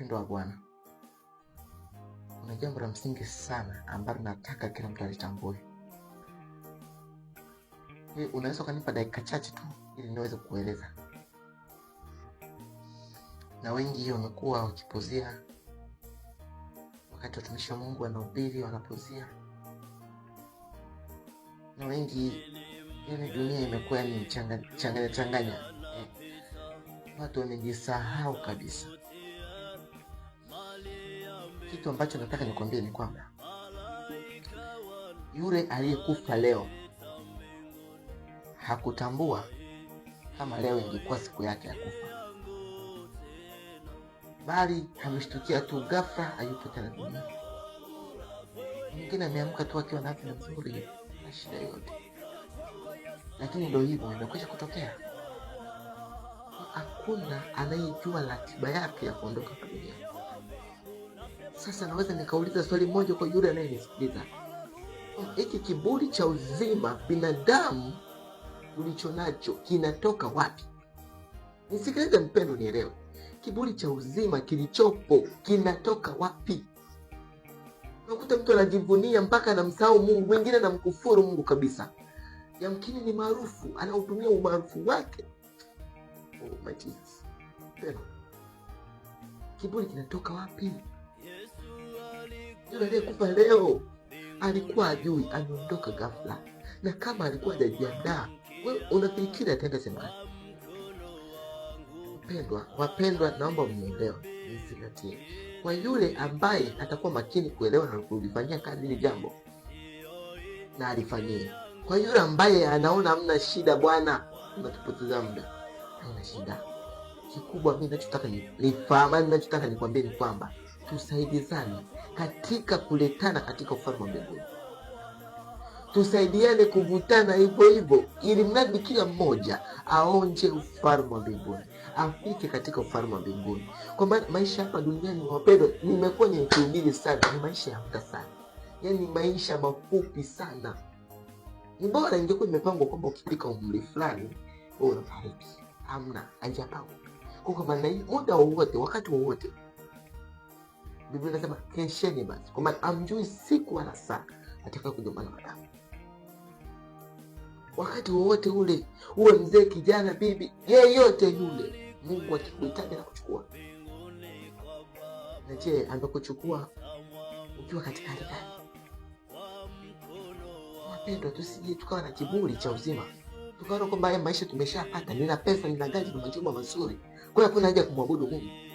Mpendo wa Bwana, kuna jambo la msingi sana ambalo nataka kila mtu alitambue. Unaweza ukanipa dakika chache tu ili niweze kueleza, na wengi wamekuwa wakipuzia wakati watumishi wa Mungu wanahubiri, wanapuzia na wengi yani, dunia imekuwa ni yaani changanya changanya, eh, watu wamejisahau kabisa kitu ambacho nataka nikwambie ni kwamba yule aliyekufa leo hakutambua kama leo ingekuwa siku yake ya kufa, bali ameshtukia tu ghafla hayupo tena duniani. Mwingine ameamka tu akiwa na afya nzuri na shida yote, lakini ndio hivyo imekwisha kutokea. Hakuna anayejua ratiba yake ya kuondoka duniani. Sasa naweza nikauliza swali moja kwa yule anayenisikiliza, hiki kiburi cha uzima binadamu ulicho nacho kinatoka wapi? Nisikilize mpendo, nielewe, kiburi cha uzima kilichopo kinatoka wapi? Unakuta mtu anajivunia mpaka anamsahau Mungu, mwingine anamkufuru Mungu kabisa. Yamkini ni maarufu, anautumia umaarufu wake. Oh my Jesus, mpendo, kiburi kinatoka wapi? Mungu aliyekupa leo alikuwa ajui, ameondoka ghafla, na kama alikuwa hajajiandaa, wewe unafikiri ataenda sema? Pendwa, wapendwa, naomba mnielewe, nizingatie. Kwa yule ambaye atakuwa makini kuelewa na kulifanyia kazi hili jambo, na alifanyie. Kwa yule ambaye anaona hamna shida, bwana, unatupoteza muda, haina shida kikubwa. Mi nachotaka nifahamani, nachotaka nikwambie ni kwamba tusaidizane katika kuletana katika ufalme wa mbinguni. Tusaidiane kuvutana hivyo hivyo, ili mradi kila mmoja aonje ufalme wa mbinguni, afike katika ufalme wa mbinguni, kwa maana maisha hapa duniani, wapendwa, nimekuwa nikihubiri sana, ni maisha ya muda sana, yaani maisha mafupi sana. Ni bora ingekuwa imepangwa kwamba ukifika umri fulani unafariki. Hamna, haijapangwa. Kwa maana hii, muda wowote, wakati wowote Biblia inasema kesheni basi, kwa maana amjui siku wala saa atakayokuja Bwana. Wakati wowote ule, uwe mzee, kijana, bibi, yeyote yule, Mungu akikuhitaji na kuchukua. Na je, amekuchukua ukiwa katika hali gani? Wapendwa, tusije tukawa na kiburi cha uzima tukaona kwamba haya maisha tumeshapata, nina pesa, nina gari, nina majumba mazuri, kwa hiyo hakuna haja kumwabudu Mungu.